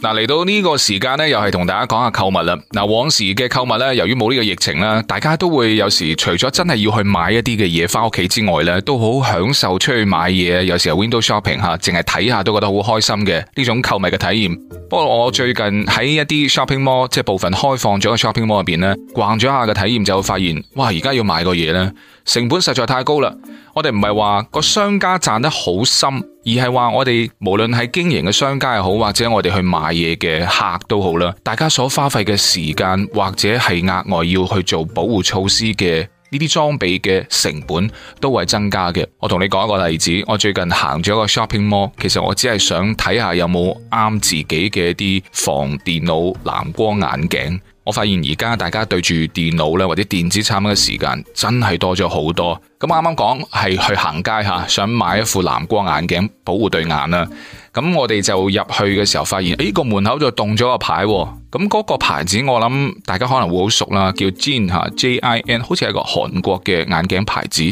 嗱，嚟到呢個時間咧，又係同大家講下購物啦。嗱，往時嘅購物咧，由於冇呢個疫情啦，大家都會有時除咗真係要去買一啲嘅嘢翻屋企之外咧，都好享受出去買嘢。有時候 window shopping 吓，淨係睇下都覺得好開心嘅呢種購物嘅體驗。不過我最近喺一啲 shopping mall，即係部分開放咗嘅 shopping mall 入邊咧，逛咗下嘅體驗就會發現，哇！而家要買個嘢呢，成本實在太高啦。我哋唔係話個商家賺得好深。而係話，我哋無論係經營嘅商家又好，或者我哋去買嘢嘅客都好啦，大家所花費嘅時間，或者係額外要去做保護措施嘅。呢啲裝備嘅成本都會係增加嘅。我同你講一個例子，我最近行住一個 shopping mall，其實我只係想睇下有冇啱自己嘅一啲防電腦藍光眼鏡。我發現而家大家對住電腦咧或者電子產品嘅時間真係多咗好多。咁啱啱講係去行街吓，想買一副藍光眼鏡保護對眼啦。咁我哋就入去嘅時候，發現誒、哎這個門口就動咗個牌、哦、咁、那、嗰個牌子我諗大家可能會好熟啦，叫 Jin, J I N 吓 J I N，好似係個韓國嘅眼鏡牌子，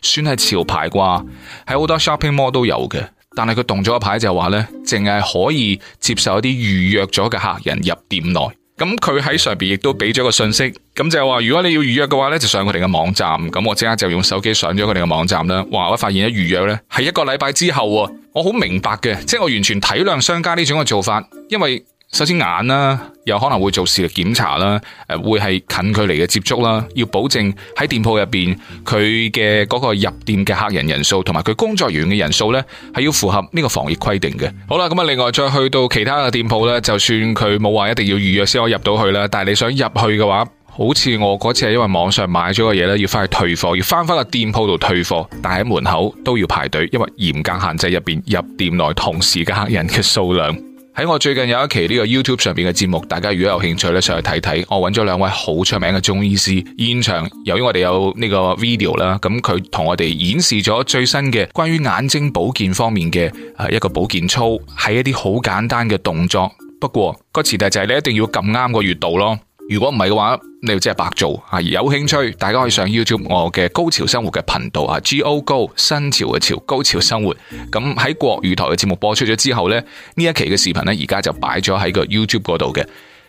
算係潮牌啩，喺好多 shopping mall 都有嘅，但係佢動咗個牌就話咧，淨係可以接受一啲預約咗嘅客人入店內。咁佢喺上面亦都俾咗個信息，咁就話如果你要預約嘅話咧，就上佢哋嘅網站。咁我即刻就用手機上咗佢哋嘅網站啦。哇！我發現咧預約咧係一個禮拜之後啊，我好明白嘅，即係我完全體諒商家呢種嘅做法，因為。首先眼啦，有可能會做視力檢查啦，誒，會係近距離嘅接觸啦，要保證喺店鋪入邊佢嘅嗰個入店嘅客人人數，同埋佢工作員嘅人數咧，係要符合呢個防疫規定嘅。好啦，咁啊，另外再去到其他嘅店鋪咧，就算佢冇話一定要預約先可以入到去啦，但係你想入去嘅話，好似我嗰次係因為網上買咗個嘢，咧，要翻去退貨，要翻翻個店鋪度退貨，但係喺門口都要排隊，因為嚴格限制入邊入店內同時嘅客人嘅數量。喺我最近有一期呢個 YouTube 上面嘅節目，大家如果有興趣呢，上去睇睇。我揾咗兩位好出名嘅中醫師，現場由於我哋有呢個 video 啦，咁佢同我哋演示咗最新嘅關於眼睛保健方面嘅一個保健操，係一啲好簡單嘅動作。不過個前提就係你一定要撳啱個穴位咯。如果唔係嘅話，你要真係白做啊！而有興趣，大家可以上 YouTube 我嘅高潮生活嘅頻道啊，GOGO 新潮嘅潮，高潮生活。咁喺國語台嘅節目播出咗之後呢，呢一期嘅視頻呢，而家就擺咗喺個 YouTube 度嘅。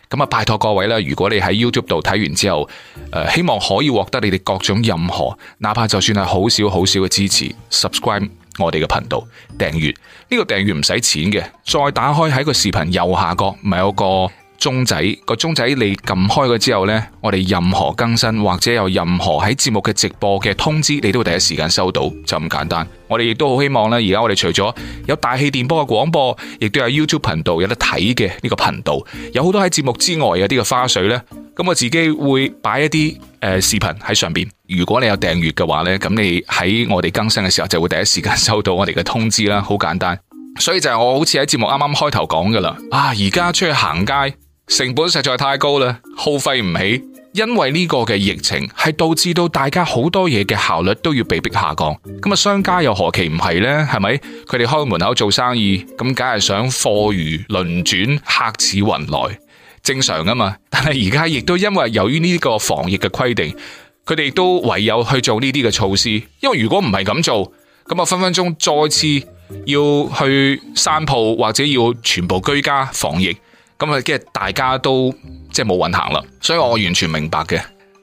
咁啊，拜託各位啦，如果你喺 YouTube 度睇完之後，誒、呃，希望可以獲得你哋各種任何，哪怕就算係好少好少嘅支持，subscribe 我哋嘅頻道，訂閱呢個訂閱唔使錢嘅。再打開喺個視頻右下角，咪有個。鐘仔，個鐘仔，鐘仔你撳開咗之後呢，我哋任何更新或者有任何喺節目嘅直播嘅通知，你都會第一時間收到，就咁簡單。我哋亦都好希望呢，而家我哋除咗有大氣電波嘅廣播，亦都有 YouTube 頻道有得睇嘅呢個頻道，有好多喺節目之外有啲嘅花絮呢。咁我自己會擺一啲誒、呃、視頻喺上邊。如果你有訂閱嘅話呢，咁你喺我哋更新嘅時候就會第一時間收到我哋嘅通知啦，好簡單。所以就係我好似喺節目啱啱開頭講噶啦，啊而家出去行街，成本實在太高啦，耗費唔起。因為呢個嘅疫情係導致到大家好多嘢嘅效率都要被迫下降。咁啊，商家又何其唔係呢？係咪？佢哋開門口做生意，咁梗係想貨如輪轉，客似雲來，正常噶嘛。但係而家亦都因為由於呢個防疫嘅規定，佢哋都唯有去做呢啲嘅措施。因為如果唔係咁做，咁啊分分鐘再次要去散鋪或者要全部居家防疫。咁啊，即係大家都即係冇運行啦，所以我完全明白嘅。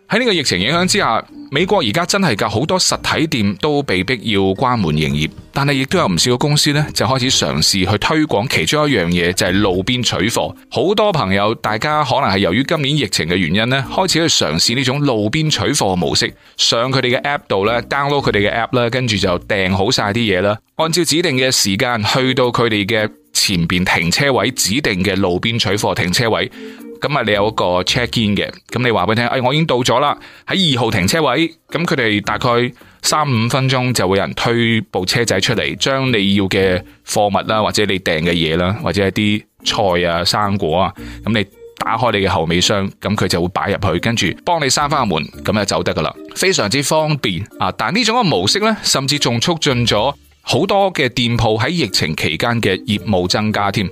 喺呢個疫情影響之下，美國而家真係噶好多實體店都被逼要關門營業，但係亦都有唔少嘅公司咧就開始嘗試去推廣其中一樣嘢，就係路邊取貨。好多朋友，大家可能係由於今年疫情嘅原因咧，開始去嘗試呢種路邊取貨模式，上佢哋嘅 App 度咧，download 佢哋嘅 App 啦，跟住就訂好晒啲嘢啦，按照指定嘅時間去到佢哋嘅。前邊停車位，指定嘅路邊取貨停車位，咁啊你有一個 check in 嘅，咁你話俾佢聽，誒、哎、我已經到咗啦，喺二號停車位，咁佢哋大概三五分鐘就會有人推部車仔出嚟，將你要嘅貨物啦，或者你訂嘅嘢啦，或者一啲菜啊生果啊，咁你打開你嘅後尾箱，咁佢就會擺入去，跟住，幫你閂翻個門，咁就走得噶啦，非常之方便啊！但呢種嘅模式呢，甚至仲促進咗。好多嘅店鋪喺疫情期間嘅業務增加添，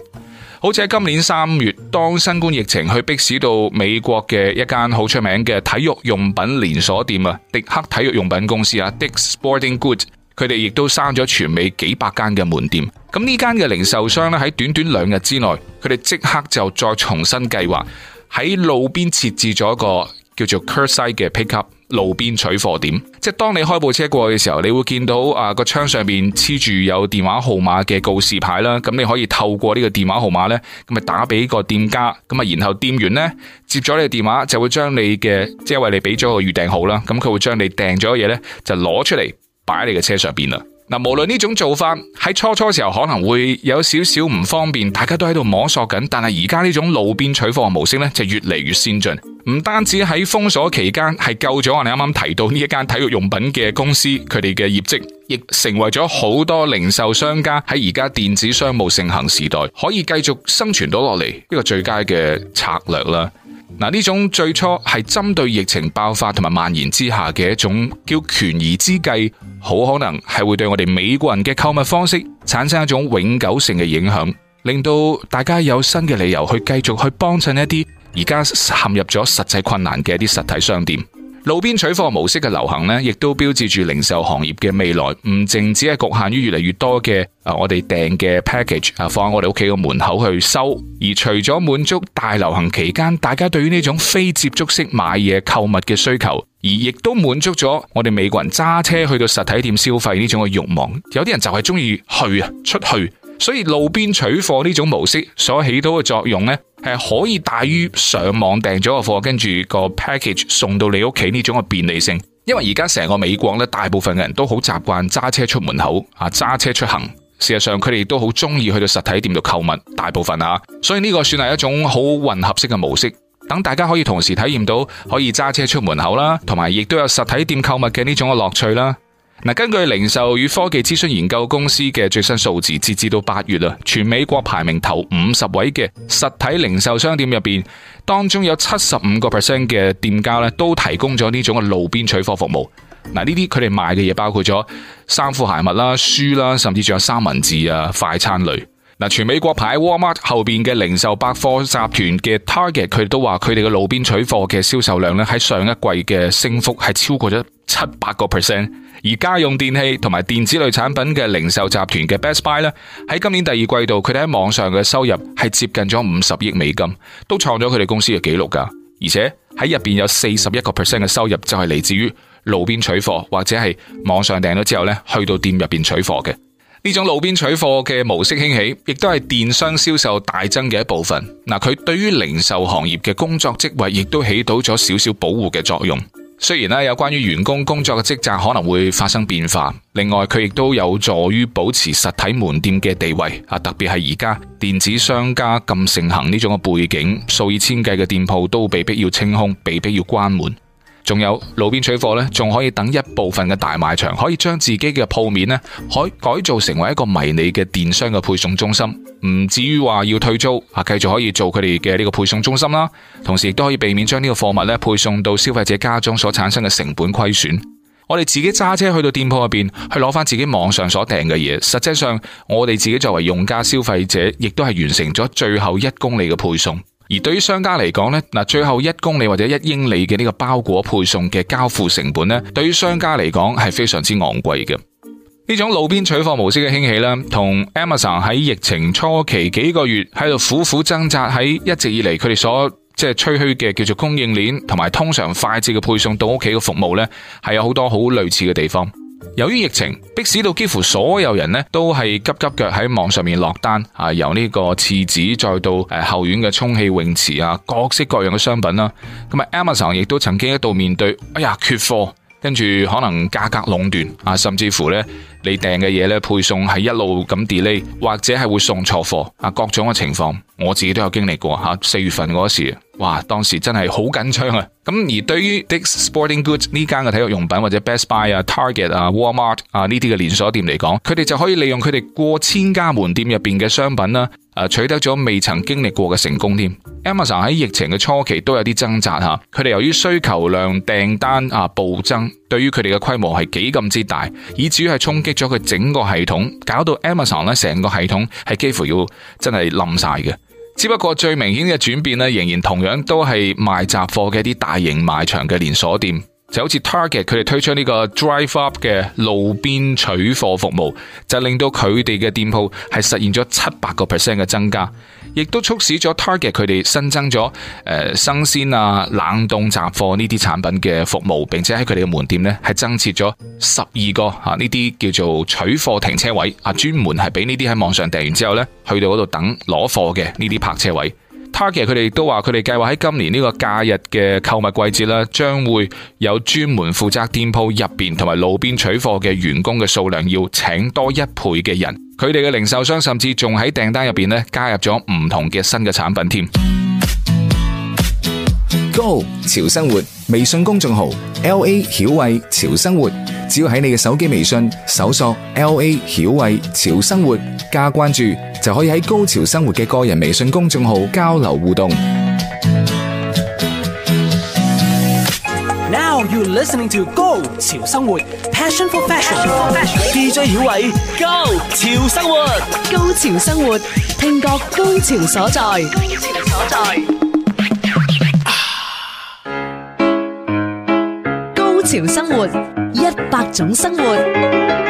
好似喺今年三月，當新冠疫情去迫使到美國嘅一間好出名嘅體育用品連鎖店啊，迪克體育用品公司啊，Dick Sporting Goods，佢哋亦都刪咗全美幾百間嘅門店。咁呢間嘅零售商咧喺短短兩日之內，佢哋即刻就再重新計劃喺路邊設置咗個叫做 curbside 嘅 pickup。路邊取貨點，即係當你開部車過去嘅時候，你會見到啊個窗上面黐住有電話號碼嘅告示牌啦，咁你可以透過呢個電話號碼呢，咁咪打俾個店家，咁啊然後店員呢接咗你嘅電話就將，就會將你嘅即係為你俾咗個預訂號啦，咁佢會將你訂咗嘅嘢呢，就攞出嚟擺喺你嘅車上邊啦。嗱，無論呢種做法喺初初時候可能會有少少唔方便，大家都喺度摸索緊。但係而家呢種路邊取貨模式咧，就越嚟越先進。唔單止喺封鎖期間係救咗我哋啱啱提到呢一間體育用品嘅公司，佢哋嘅業績，亦成為咗好多零售商家喺而家電子商務盛行時代可以繼續生存到落嚟呢個最佳嘅策略啦。嗱，呢種最初係針對疫情爆發同埋蔓延之下嘅一種叫權宜之計，好可能係會對我哋美國人嘅購物方式產生一種永久性嘅影響，令到大家有新嘅理由去繼續去幫襯一啲而家陷入咗實際困難嘅一啲實體商店。路邊取貨模式嘅流行呢，亦都標誌住零售行業嘅未來。唔淨止係局限於越嚟越多嘅我哋訂嘅 package，放喺我哋屋企個門口去收。而除咗滿足大流行期間大家對於呢種非接觸式買嘢購物嘅需求，而亦都滿足咗我哋美國人揸車去到實體店消費呢種嘅欲望。有啲人就係中意去啊，出去。所以路邊取貨呢種模式所起到嘅作用呢，係可以大於上網訂咗個貨，跟住個 package 送到你屋企呢種嘅便利性。因為而家成個美國呢，大部分嘅人都好習慣揸車出門口，啊揸車出行。事實上，佢哋都好中意去到實體店度購物，大部分啊。所以呢個算係一種好混合式嘅模式。等大家可以同時體驗到可以揸車出門口啦，同埋亦都有實體店購物嘅呢種嘅樂趣啦。嗱，根據零售與科技諮詢研究公司嘅最新數字，截至到八月啦，全美國排名頭五十位嘅實體零售商店入邊，當中有七十五個 percent 嘅店家咧，都提供咗呢種嘅路邊取貨服務。嗱，呢啲佢哋賣嘅嘢包括咗衫褲鞋襪啦、書啦，甚至仲有三文治啊、快餐類。嗱，全美國排喺 Walmart 後邊嘅零售百貨集團嘅 Target，佢哋都話佢哋嘅路邊取貨嘅銷售量咧，喺上一季嘅升幅係超過咗七百個 percent。而家用電器同埋電子類產品嘅零售集團嘅 Best Buy 咧，喺今年第二季度，佢哋喺網上嘅收入係接近咗五十億美金，都創咗佢哋公司嘅紀錄噶。而且喺入邊有四十一個 percent 嘅收入就係嚟自於路邊取貨或者係網上訂咗之後咧，去到店入邊取貨嘅。呢種路邊取貨嘅模式興起，亦都係電商銷售大增嘅一部分。嗱，佢對於零售行業嘅工作職位亦都起到咗少少保護嘅作用。雖然咧，有關於員工工作嘅職責可能會發生變化，另外佢亦都有助於保持實體門店嘅地位啊，特別係而家電子商家咁盛行呢種嘅背景，數以千計嘅店鋪都被逼，要清空，被逼要關門。仲有路邊取貨咧，仲可以等一部分嘅大賣場可以將自己嘅鋪面咧，可改造成為一個迷你嘅電商嘅配送中心。唔至於話要退租，啊，繼續可以做佢哋嘅呢個配送中心啦。同時亦都可以避免將呢個貨物咧配送到消費者家中所產生嘅成本虧損。我哋自己揸車去到店鋪入邊去攞返自己網上所訂嘅嘢，實際上我哋自己作為用家消費者，亦都係完成咗最後一公里嘅配送。而對於商家嚟講，呢嗱，最後一公里或者一英里嘅呢個包裹配送嘅交付成本呢，對於商家嚟講係非常之昂貴嘅。呢種路邊取貨模式嘅興起呢，同 Amazon 喺疫情初期幾個月喺度苦苦掙扎，喺一直以嚟佢哋所即係、就是、吹噓嘅叫做供應鏈同埋通常快捷嘅配送到屋企嘅服務呢，係有好多好類似嘅地方。由於疫情逼使到幾乎所有人呢都係急急腳喺網上面落單啊，由呢個廁紙再到誒後院嘅充氣泳池啊，各式各樣嘅商品啦。咁啊，Amazon 亦都曾經一度面對，哎呀，缺貨。跟住可能價格壟斷啊，甚至乎咧你訂嘅嘢咧配送係一路咁 delay，或者係會送錯貨啊，各種嘅情況，我自己都有經歷過嚇。四月份嗰時。哇！當時真係好緊張啊！咁而對於 Dick's Sporting Goods 呢間嘅體育用品或者 Best Buy 啊、Target 啊、Walmart 啊呢啲嘅連鎖店嚟講，佢哋就可以利用佢哋過千家門店入邊嘅商品啦，誒取得咗未曾經歷過嘅成功添。Amazon 喺疫情嘅初期都有啲掙扎吓，佢哋由於需求量訂單啊暴增，對於佢哋嘅規模係幾咁之大，以至於係衝擊咗佢整個系統，搞到 Amazon 咧成個系統係幾乎要真係冧晒嘅。只不過最明顯嘅轉變咧，仍然同樣都係賣雜貨嘅一啲大型賣場嘅連鎖店，就好似 Target，佢哋推出呢個 Drive Up 嘅路邊取貨服務，就令到佢哋嘅店鋪係實現咗七百個 percent 嘅增加。亦都促使咗 Target 佢哋新增咗誒生鮮啊、冷凍雜貨呢啲產品嘅服務，並且喺佢哋嘅門店咧係增設咗十二個啊呢啲叫做取貨停車位啊，專門係俾呢啲喺網上訂完之後訂完之後咧去到嗰度等攞貨嘅呢啲泊車位。Target 佢哋都話，佢哋計劃喺今年呢個假日嘅購物季節咧，將會有專門負責店鋪入邊同埋路邊取貨嘅員工嘅數量要請多一倍嘅人。佢哋嘅零售商甚至仲喺訂單入邊呢，加入咗唔同嘅新嘅產品添。Go 潮生活微信公眾號，L A 曉慧潮生活，只要喺你嘅手機微信搜索 L A 曉慧潮生活加關注，就可以喺高潮生活嘅個人微信公眾號交流互動。Now you're listening to Go 潮生活，Passion for fashion，DJ 曉慧，Go 潮生活，高潮生活，聽覺高潮所在。高潮所在潮生活，一百種生活。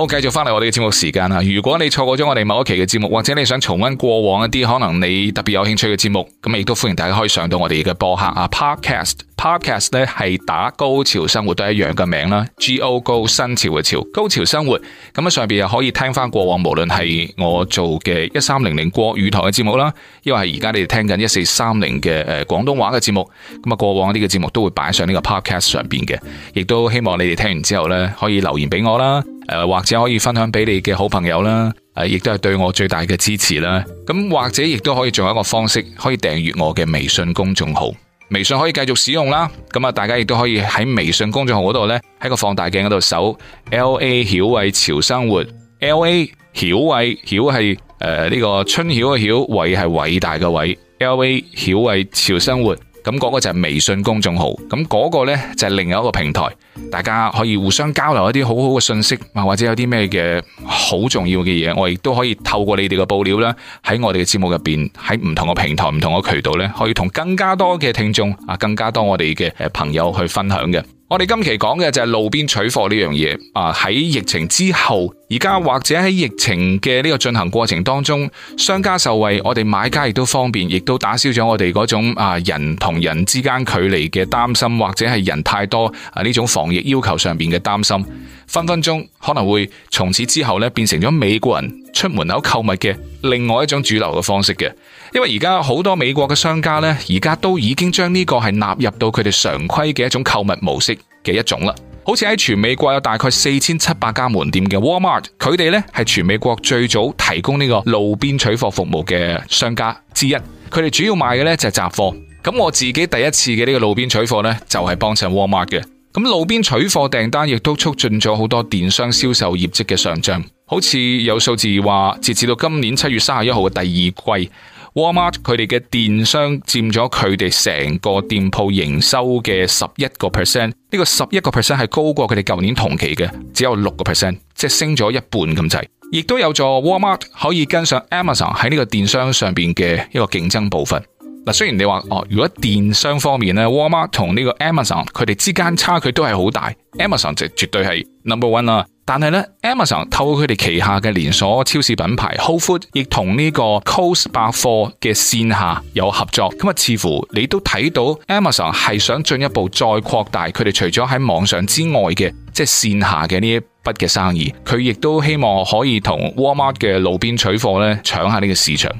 好，我繼續翻嚟我哋嘅節目時間啦。如果你錯過咗我哋某一期嘅節目，或者你想重溫過往一啲可能你特別有興趣嘅節目，咁亦都歡迎大家可以上到我哋嘅播客啊。Podcast Podcast 咧係打高潮生活都一樣嘅名啦。G O 高新潮嘅潮，高潮生活咁啊，上邊又可以聽翻過往，無論係我做嘅一三零零國語台嘅節目啦，亦或係而家你哋聽緊一四三零嘅誒廣東話嘅節目，咁啊過往呢個節目都會擺上呢個 Podcast 上邊嘅。亦都希望你哋聽完之後咧可以留言俾我啦。誒，或者可以分享俾你嘅好朋友啦，誒，亦都係對我最大嘅支持啦。咁或者亦都可以仲有一個方式，可以訂閱我嘅微信公眾號。微信可以繼續使用啦。咁啊，大家亦都可以喺微信公眾號嗰度呢，喺個放大鏡嗰度搜 L A 曉偉潮生活。L A 曉偉曉係誒呢個春曉嘅曉，偉係偉大嘅偉。L A 曉偉潮生活，咁嗰個就係微信公眾號。咁嗰個呢就係另一個平台。大家可以互相交流一啲好好嘅信息，啊或者有啲咩嘅好重要嘅嘢，我亦都可以透過你哋嘅報料啦，喺我哋嘅節目入邊，喺唔同嘅平台、唔同嘅渠道咧，可以同更加多嘅聽眾啊，更加多我哋嘅誒朋友去分享嘅。我哋今期講嘅就係路邊取貨呢樣嘢，啊喺疫情之後，而家或者喺疫情嘅呢個進行過程當中，商家受惠，我哋買家亦都方便，亦都打消咗我哋嗰種啊人同人之間距離嘅擔心，或者係人太多啊呢種防疫要求上邊嘅擔心，分分鐘可能會從此之後咧變成咗美國人出門口購物嘅另外一種主流嘅方式嘅。因為而家好多美國嘅商家呢，而家都已經將呢個係納入到佢哋常規嘅一種購物模式嘅一種啦。好似喺全美國有大概四千七百家門店嘅 Walmart，佢哋呢係全美國最早提供呢個路邊取貨服務嘅商家之一。佢哋主要賣嘅呢就係雜貨。咁我自己第一次嘅呢個路邊取貨呢，就係幫襯 Walmart 嘅。咁路邊取貨訂單亦都促進咗好多電商銷售業績嘅上漲。好似有數字話，截至到今年七月三十一號嘅第二季。Walmart 佢哋嘅電商佔咗佢哋成個店鋪營收嘅十一個 percent，呢個十一個 percent 係高過佢哋舊年同期嘅，只有六個 percent，即係升咗一半咁滯。亦都有助 Walmart 可以跟上 Amazon 喺呢個電商上邊嘅一個競爭部分。嗱，雖然你話哦，如果電商方面咧，Walmart 同呢個 Amazon 佢哋之間差距都係好大，Amazon 就絕對係 number one 啦。但係咧，Amazon 透過佢哋旗下嘅連鎖超市品牌 Whole Foods，亦同呢個 Costco 百貨嘅線下有合作。咁啊，似乎你都睇到 Amazon 係想進一步再擴大佢哋除咗喺網上之外嘅即係線下嘅呢一筆嘅生意。佢亦都希望可以同 Walmart 嘅路邊取貨咧搶下呢個市場。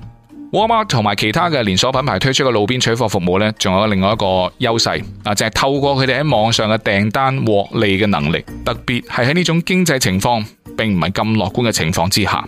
Walmart 同埋其他嘅連鎖品牌推出嘅路邊取貨服務呢，仲有另外一個優勢，啊，就係透過佢哋喺網上嘅訂單獲利嘅能力，特別係喺呢種經濟情況並唔係咁樂觀嘅情況之下。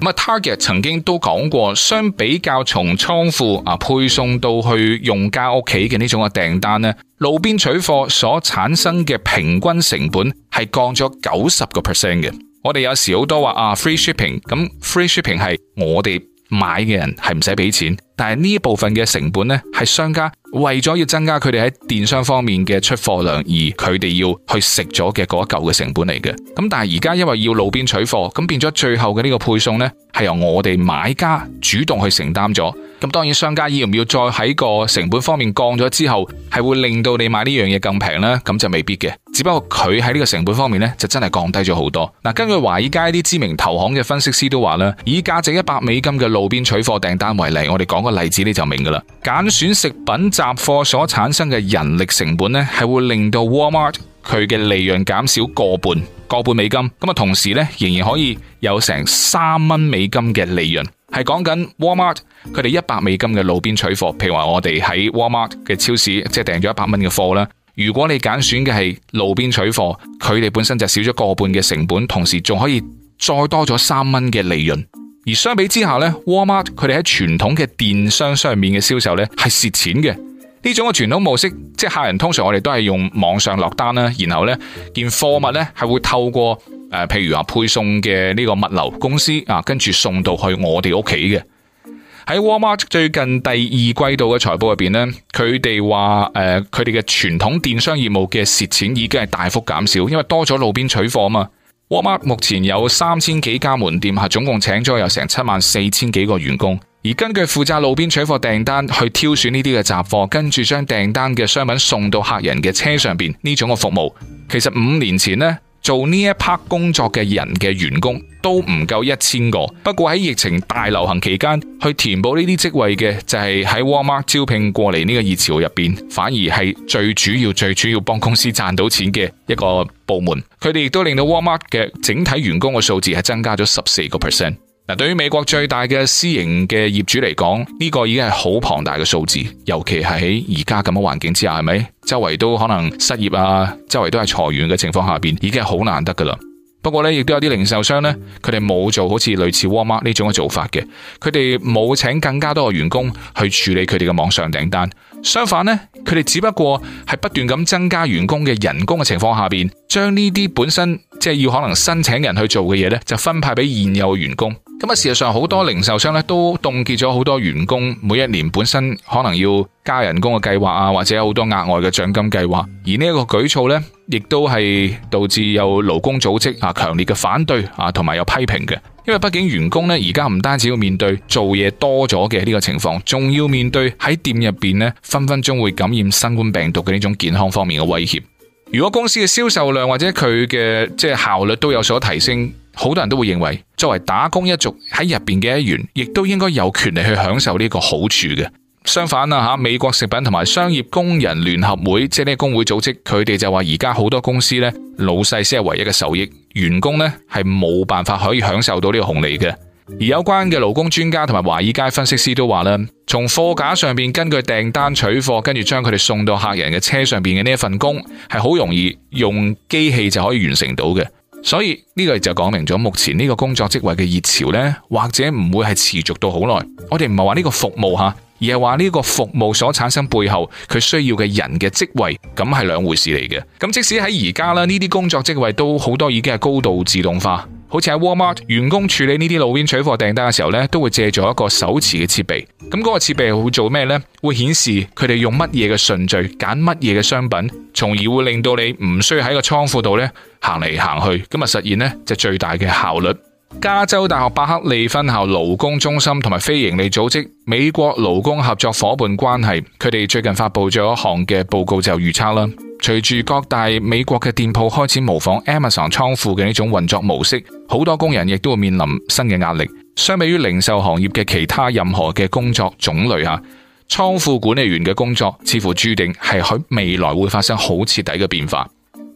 咁啊，Target 曾經都講過，相比較從倉庫啊配送到去用家屋企嘅呢種嘅訂單呢，路邊取貨所產生嘅平均成本係降咗九十個 percent 嘅。我哋有時好多話啊，free shipping，咁 free shipping 係我哋。買嘅人係唔使俾錢，但係呢一部分嘅成本呢，係商家為咗要增加佢哋喺電商方面嘅出貨量，而佢哋要去食咗嘅嗰一嚿嘅成本嚟嘅。咁但係而家因為要路邊取貨，咁變咗最後嘅呢個配送呢，係由我哋買家主動去承擔咗。咁當然，商家要唔要再喺個成本方面降咗之後，係會令到你買呢樣嘢更平呢？咁就未必嘅。只不過佢喺呢個成本方面呢，就真係降低咗好多。嗱，根據華爾街啲知名投行嘅分析師都話啦，以價值一百美金嘅路邊取貨訂單為例，我哋講個例子你就明噶啦。揀選食品雜貨所產生嘅人力成本呢，係會令到 Walmart 佢嘅利潤減少個半個半美金。咁啊，同時呢，仍然可以有成三蚊美金嘅利潤。係講緊 Walmart 佢哋一百美金嘅路邊取貨，譬如話我哋喺 Walmart 嘅超市即係訂咗一百蚊嘅貨啦。如果你揀選嘅係路邊取貨，佢哋本身就少咗個半嘅成本，同時仲可以再多咗三蚊嘅利潤。而相比之下咧，Walmart 佢哋喺傳統嘅電商上面嘅銷售咧係蝕錢嘅。呢種嘅傳統模式，即係客人通常我哋都係用網上落單啦，然後呢件貨物呢，係會透過誒、呃，譬如話配送嘅呢個物流公司啊，跟住送到去我哋屋企嘅。喺 Walmart 最近第二季度嘅財報入邊呢，佢哋話誒，佢哋嘅傳統電商業務嘅蝕錢已經係大幅減少，因為多咗路邊取貨啊嘛。Walmart 目前有三千幾家門店，係總共請咗有成七萬四千幾個員工。而根據負責路邊取貨訂單去挑選呢啲嘅雜貨，跟住將訂單嘅商品送到客人嘅車上邊，呢種嘅服務，其實五年前呢，做呢一 part 工作嘅人嘅員工都唔夠一千個。不過喺疫情大流行期間，去填補呢啲職位嘅就係喺 Walmart 招聘過嚟呢個熱潮入邊，反而係最主要最主要幫公司賺到錢嘅一個部門。佢哋亦都令到 Walmart 嘅整體員工嘅數字係增加咗十四個 percent。嗱，對於美國最大嘅私營嘅業主嚟講，呢個已經係好龐大嘅數字，尤其係喺而家咁嘅環境之下，係咪？周圍都可能失業啊，周圍都係裁員嘅情況下邊，已經係好難得噶啦。不過呢，亦都有啲零售商呢，佢哋冇做好似類似沃爾瑪呢種嘅做法嘅，佢哋冇請更加多嘅員工去處理佢哋嘅網上訂單。相反呢，佢哋只不過係不斷咁增加員工嘅人工嘅情況下邊，將呢啲本身即係要可能申請人去做嘅嘢呢，就分派俾現有嘅員工。咁啊，事實上好多零售商咧，都凍結咗好多員工每一年本身可能要加人工嘅計劃啊，或者好多額外嘅獎金計劃。而呢一個舉措咧，亦都係導致有勞工組織啊強烈嘅反對啊，同埋有批評嘅。因為畢竟員工咧而家唔單止要面對做嘢多咗嘅呢個情況，仲要面對喺店入邊咧分分鐘會感染新冠病毒嘅呢種健康方面嘅威脅。如果公司嘅銷售量或者佢嘅即係效率都有所提升，好多人都會認為，作為打工一族喺入邊嘅一員，亦都應該有權利去享受呢個好處嘅。相反啦，吓，美國食品同埋商業工人聯合會，即係呢，工會組織，佢哋就話而家好多公司咧，老細先係唯一嘅受益，員工咧係冇辦法可以享受到呢個紅利嘅。而有關嘅勞工專家同埋華爾街分析師都話咧，從貨架上面根據訂單取貨，跟住將佢哋送到客人嘅車上邊嘅呢一份工，係好容易用機器就可以完成到嘅。所以呢、這個也就講明咗，目前呢個工作職位嘅熱潮呢，或者唔會係持續到好耐。我哋唔係話呢個服務吓。哈而係話呢個服務所產生背後佢需要嘅人嘅職位，咁係兩回事嚟嘅。咁即使喺而家啦，呢啲工作職位都好多已經係高度自動化。好似喺 Walmart，員工處理呢啲路邊取貨訂單嘅時候咧，都會借助一個手持嘅設備。咁嗰個設備會做咩咧？會顯示佢哋用乜嘢嘅順序揀乜嘢嘅商品，從而會令到你唔需要喺個倉庫度咧行嚟行去，咁啊實現咧就最大嘅效率。加州大學伯克利分校勞工中心同埋非營利組織美國勞工合作伙伴關係，佢哋最近發佈咗一項嘅報告就預測啦。隨住各大美國嘅店鋪開始模仿 Amazon 倉庫嘅呢種運作模式，好多工人亦都會面臨新嘅壓力。相比於零售行業嘅其他任何嘅工作種類吓，倉庫管理員嘅工作似乎注定係喺未來會發生好徹底嘅變化。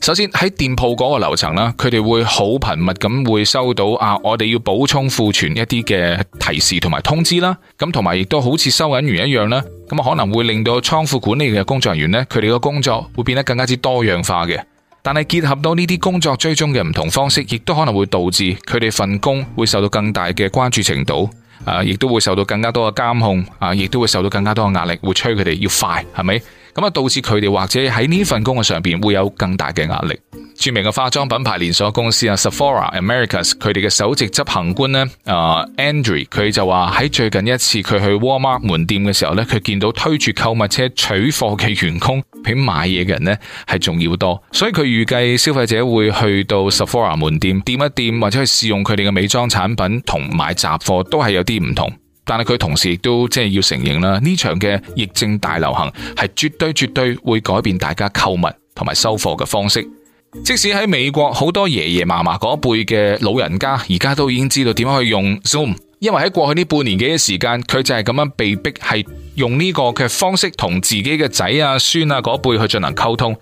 首先喺店鋪嗰個樓層啦，佢哋會好頻密咁會收到啊，我哋要補充庫存一啲嘅提示同埋通知啦。咁同埋亦都好似收銀員一樣啦。咁啊，可能會令到倉庫管理嘅工作人員咧，佢哋嘅工作會變得更加之多樣化嘅。但係結合到呢啲工作追蹤嘅唔同方式，亦都可能會導致佢哋份工會受到更大嘅關注程度。啊，亦都會受到更加多嘅監控。啊，亦都會受到更加多嘅壓力，會催佢哋要快，係咪？咁啊，導致佢哋或者喺呢份工作上邊會有更大嘅壓力。著名嘅化妝品牌連鎖公司啊，Sephora Americas，佢哋嘅首席執行官咧，啊、uh, Andrew，佢就話喺最近一次佢去 Walmart 門店嘅時候咧，佢見到推住購物車取貨嘅員工比買嘢嘅人咧係仲要多，所以佢預計消費者會去到 Sephora 門店掂一掂或者去試用佢哋嘅美妝產品同買雜貨都係有啲唔同。但係佢同時亦都即係要承認啦，呢場嘅疫症大流行係絕對絕對會改變大家購物同埋收貨嘅方式。即使喺美國，好多爺爺嫲嫲嗰一輩嘅老人家，而家都已經知道點樣去用 Zoom，因為喺過去呢半年幾嘅時間，佢就係咁樣被逼係用呢個嘅方式同自己嘅仔啊、孫啊嗰一輩去進行溝通。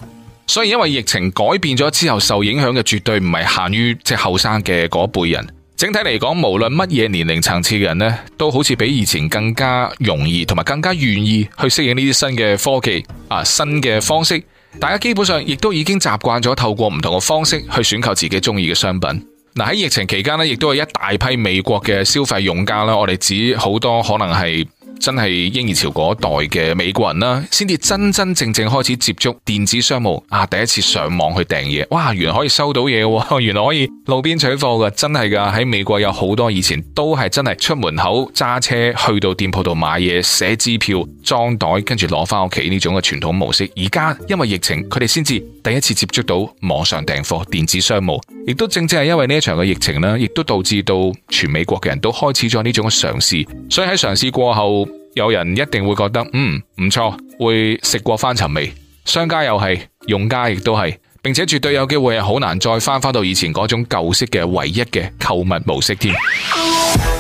所以因為疫情改變咗之後，受影響嘅絕對唔係限於即係後生嘅嗰一輩人。整體嚟講，無論乜嘢年齡層次嘅人呢，都好似比以前更加容易，同埋更加願意去適應呢啲新嘅科技啊，新嘅方式。大家基本上亦都已經習慣咗透過唔同嘅方式去選購自己中意嘅商品。嗱，喺疫情期間呢，亦都有一大批美國嘅消費用家啦。我哋指好多可能係。真係嬰兒潮嗰代嘅美國人啦，先至真真正正開始接觸電子商務啊！第一次上網去訂嘢，哇，原來可以收到嘢喎，原來可以路邊取貨㗎，真係㗎！喺美國有好多以前都係真係出門口揸車去到店鋪度買嘢，寫支票裝袋，跟住攞返屋企呢種嘅傳統模式。而家因為疫情，佢哋先至第一次接觸到網上訂貨、電子商務，亦都正正係因為呢一場嘅疫情啦，亦都導致到全美國嘅人都開始咗呢種嘅嘗試。所以喺嘗試過後，有人一定會覺得，嗯，唔錯，會食過翻尋味，商家又係，用家亦都係，並且絕對有機會係好難再翻翻到以前嗰種舊式嘅唯一嘅購物模式添。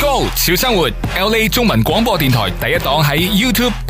Go 小生活，LA 中文廣播電台第一檔喺 YouTube。